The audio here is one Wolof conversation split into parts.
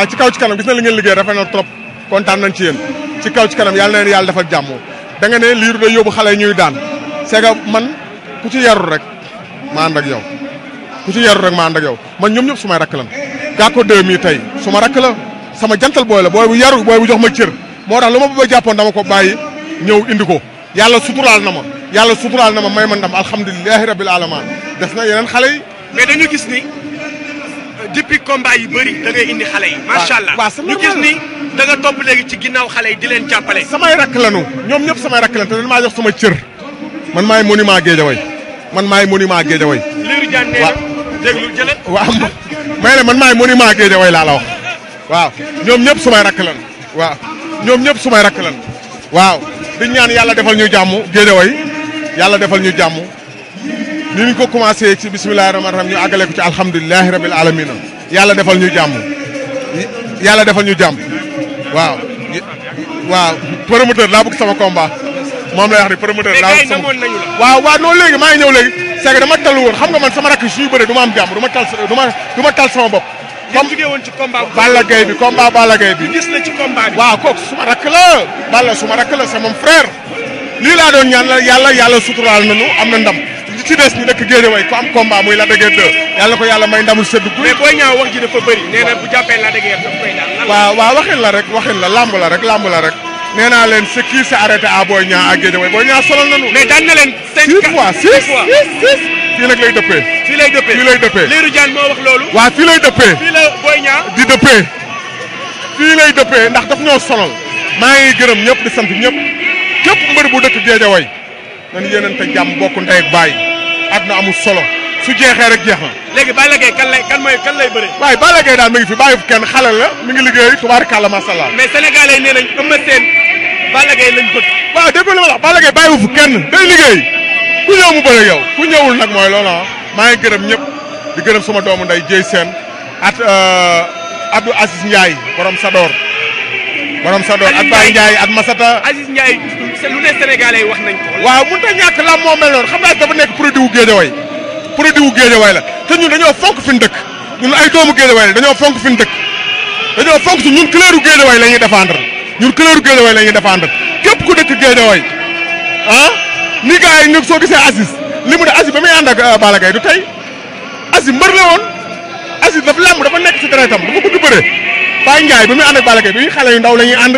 waaw ci kaw ci kanam gis na li ngeen liggéey rafet na trop kontaan nañ ci yéen ci kaw ci kanam yàlla na leen yàlla defal jàmm da nga ne liiru day yóbbu xale ñuy daan c'est man ku ci yarul rek ma ànd ak yow ku ci yarul rek ma ànd ak yow man ñoom ñëpp su may rakk lan Gackou 2000 tey su ma rakk la sama jantal booy la booy bu yaru booy bu jox ma cër moo da lu ma ba jàppoon dama ko bàyyi ñëw indi ko yàlla suturaal na ma yàlla suturaal na ma may ma ndam alhamdulilahi rabil alamin des na yeneen xale yi mais dañu gis ni depuis combat yi bëri da indi xale yi. macha allah ñu gis ni da nga topp léegi ci ginnaaw xale yi di leen jàppale. samay rakk lanu ñoom ñëpp samay rakk lanu te dañ maa jox sama cër man maay monument Guédiawaye man maay monument Guédiawaye. Lirou Diane nee na déglu jële. waaw may la man maay monument Guédiawaye laa la wax waaw ñoom ñëpp sumay rakk lan waaw ñoom ñëpp sumay rakk lan waaw di ñaan yàlla defal ñu jàmm Guédiawaye yàlla defal ñu jàmm. ni ñu ko commencé ci bisimilah rahmaani rahiim ñu àggale ko ci alhamdulilah rabil aalamiina yàlla defal ñu jàmm yàlla defal ñu jàmm waaw. waaw promoteur laa bëgg sama combat moom lay wax ni promoteur laa bëgg sama waaw waaw noonu léegi maa ngi ñëw léegi c'est que dama talu woon xam nga man sama rakk suy bëre du ma am jàmm du ma tal du ma tal sama bopp. comme li woon ci combat Balla Gaye bi combat Balla Gaye bi. gis na ci combat bi waaw kooku suma rakk la. Balla suma rakk la c'est mon frère lii laa doon ñaan la yàlla yàlla suturaal nañu am na ndam. li ci des ñu nekk Guédiawaye ku am combat muy Lac de Guiers 2 yàlla ko yàlla may ndamul sedd gu. mais booy ñaaw wax ji dafa bëri. nee na bu jàppee Lac de Guiers daf waxin la rek waxin la làmb la rek làmb la rek. nee naa leen ce qui s'est arrêté à Boy Niang ak Guédiawaye Boy Niang sonal nañu. mais daan na leen. cinq fois six fois fii nag lay dëppee. fii lay dëppee fii lay dëppee. Lirou Diane moo wax loolu. waaw fii lay dëppee. fii la Boy Niang di dëppee. fii lay ndax daf ñoo sonal. maa ngi gërëm ñëpp di sant ñëpp képp mbër bu dëkk Guédiawaye nañu yéenante jàmm bokk ndey ak baay àdduna amu solo su jeexee rek jeex na. léegi Balla Gaye kan lay kan mooy kan lay bëre. waaye Balla Gaye daal mi ngi fi bàyyi fu kenn xale la mi ngi liggéey tubaarkàlla macha allah. mais sénégalais yi nee nañ Eumeu Sène Balla Gaye lañ bëgg. waaw dégg li ma fu kenn day liggéey ku ñëw bëre yow ku ñëwul nag mooy loolu ah. maa ngi gërëm ñëpp di gërëm sama doomu nday Dieye Sène at euh, Abdou Aziz Ndiaye borom Sador. borom Sador at Baye Ndiaye at Masata Aziz Ndiaye lu ne Sénégalais wax nañ ko. waaw mënut a ñàkk lam moo mel noonu xam naa dafa nekk produit wu géejawaay produit wu géejawaay la te ñun dañoo fonk fi ñu dëkk ñun ay doomu géejawaay la dañoo fonk fi ñu dëkk dañoo fonk si ñun couleur u géejawaay la ñuy défendre ñun couleur u géejawaay la ñuy défendre képp ku dëkk géejawaay ah ni gars yi ñu soo gisee Aziz li mu ne Aziz ba muy ànd ak euh, Balla Gaye du tey Aziz mbër la woon Aziz dafa làmb dafa nekk si deretam dafa bëgg bëre Baye Ndiaye ba muy ànd ak xale yu ndaw la ñuy ànd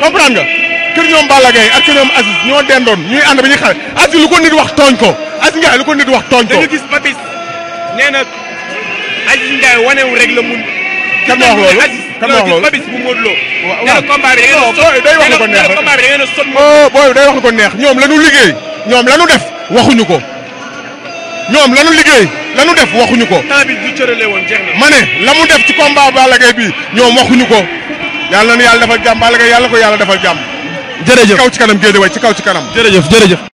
comprendre nga kër ñoom Balla Gaye ak kër ñoom ñoo dendoon ñuy ànd ba ñuy xale Aziz lu ko nit wax tooñ ko Aziz Ndiaye lu ko nit wax tooñ ko. da nga gis Papis nee na Aziz wane wu rek la mun. kan wax loolu kan wax loolu Papis bu Modou Lo. waaw waaw combat day wax lu ko neex rek oh, booy day wax lu ko neex ñoom lañu liggéey ñoom lañu def waxuñu ko. ñoom lanu liggéey lanu def waxuñu ko. temps bi du ma ne la mu def ci combat Balla Gaye bi ñoom waxuñu ko yàlla na yàlla defal jàmm Balla yàlla ko yàlla defal jàmm. jërëjëf ci kaw ci kanam Guédiawaye ci kaw ci kanam jërëjëf jërëjëf